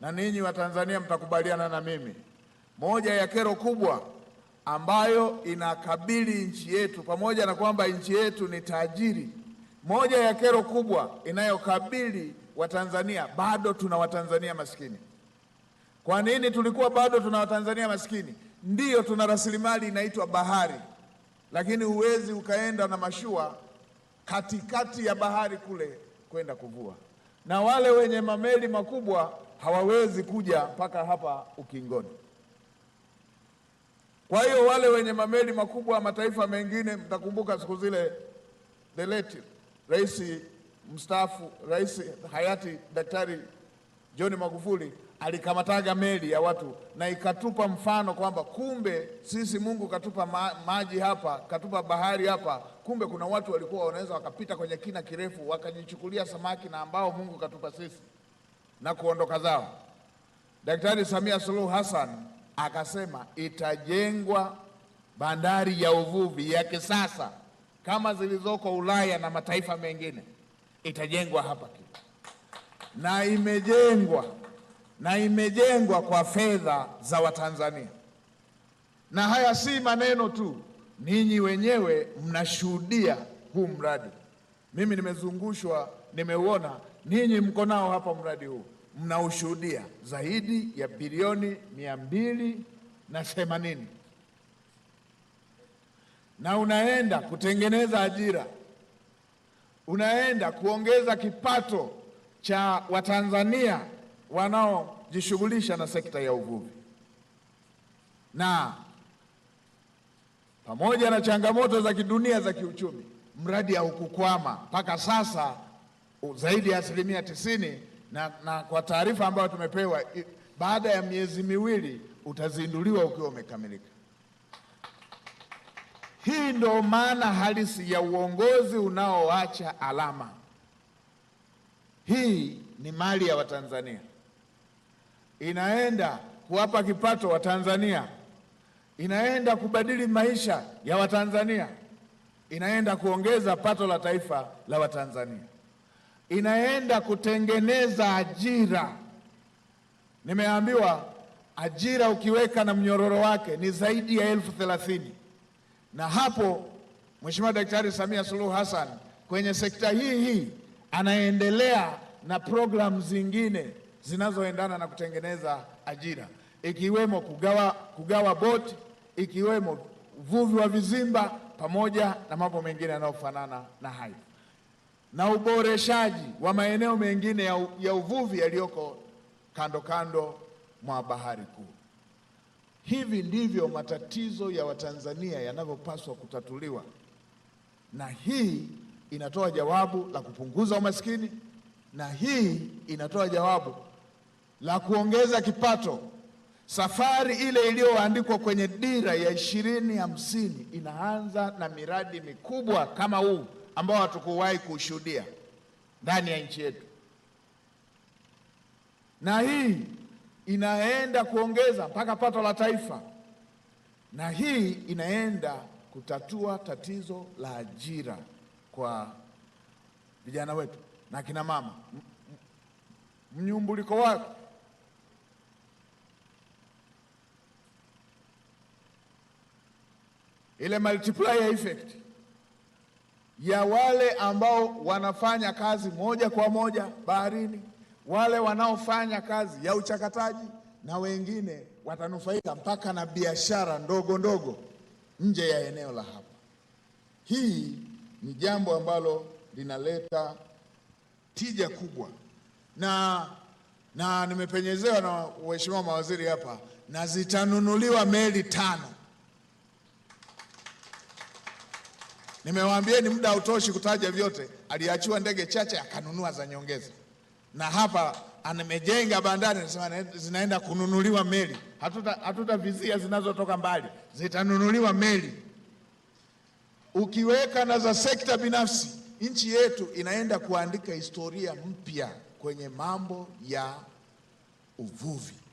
na ninyi Watanzania mtakubaliana na mimi, moja ya kero kubwa ambayo inakabili nchi yetu, pamoja na kwamba nchi yetu ni tajiri, moja ya kero kubwa inayokabili Watanzania, bado tuna Watanzania maskini. Kwa nini tulikuwa bado tuna Watanzania maskini? Ndiyo, tuna rasilimali inaitwa bahari, lakini huwezi ukaenda na mashua katikati ya bahari kule kwenda kuvua, na wale wenye mameli makubwa hawawezi kuja mpaka hapa ukingoni. Kwa hiyo wale wenye mameli makubwa mataifa mengine, mtakumbuka siku zile late rais mstaafu, rais hayati Daktari John Magufuli alikamataga meli ya watu na ikatupa mfano kwamba kumbe sisi Mungu katupa ma maji hapa, katupa bahari hapa. Kumbe kuna watu walikuwa wanaweza wakapita kwenye kina kirefu wakajichukulia samaki na ambao Mungu katupa sisi na kuondoka zao. Daktari Samia Suluhu Hassan akasema itajengwa bandari ya uvuvi ya kisasa kama zilizoko Ulaya na mataifa mengine, itajengwa hapa kitu na imejengwa na imejengwa kwa fedha za Watanzania. Na haya si maneno tu, ninyi wenyewe mnashuhudia huu mradi. Mimi nimezungushwa, nimeuona. Ninyi mko nao hapa, mradi huu mnaushuhudia, zaidi ya bilioni mia mbili na themanini na unaenda kutengeneza ajira, unaenda kuongeza kipato cha Watanzania wanaojishughulisha na sekta ya uvuvi. Na pamoja na changamoto za kidunia za kiuchumi, mradi haukukwama mpaka sasa zaidi ya asilimia tisini na, na kwa taarifa ambayo tumepewa baada ya miezi miwili utazinduliwa ukiwa umekamilika. Hii ndo maana halisi ya uongozi unaoacha alama. Hii ni mali ya Watanzania, inaenda kuwapa kipato Watanzania, inaenda kubadili maisha ya Watanzania, inaenda kuongeza pato la taifa la Watanzania inaenda kutengeneza ajira. Nimeambiwa ajira ukiweka na mnyororo wake ni zaidi ya elfu thelathini na hapo Mheshimiwa Daktari Samia Suluhu Hassan kwenye sekta hii hii anaendelea na programu zingine zinazoendana na kutengeneza ajira ikiwemo kugawa, kugawa boti ikiwemo uvuvi wa vizimba pamoja na mambo mengine yanayofanana na hayo na uboreshaji wa maeneo mengine ya, ya uvuvi yaliyoko kando kando mwa bahari kuu. Hivi ndivyo matatizo ya Watanzania yanavyopaswa kutatuliwa, na hii inatoa jawabu la kupunguza umaskini, na hii inatoa jawabu la kuongeza kipato. Safari ile iliyoandikwa kwenye dira ya ishirini hamsini inaanza na miradi mikubwa kama huu ambao hatukuwahi kushuhudia ndani ya nchi yetu, na hii inaenda kuongeza mpaka pato la taifa, na hii inaenda kutatua tatizo la ajira kwa vijana wetu na kina mama, mnyumbuliko wake ile multiplier effect ya wale ambao wanafanya kazi moja kwa moja baharini, wale wanaofanya kazi ya uchakataji na wengine watanufaika mpaka na biashara ndogo ndogo nje ya eneo la hapa. Hii ni jambo ambalo linaleta tija kubwa, na na nimepenyezewa na waheshimiwa mawaziri hapa, na zitanunuliwa meli tano ni muda hautoshi kutaja vyote. Aliachiwa ndege chache akanunua za nyongeza, na hapa amejenga bandari, anasema zinaenda kununuliwa meli. Hatuta vizia zinazotoka mbali, zitanunuliwa meli. Ukiweka na za sekta binafsi, nchi yetu inaenda kuandika historia mpya kwenye mambo ya uvuvi.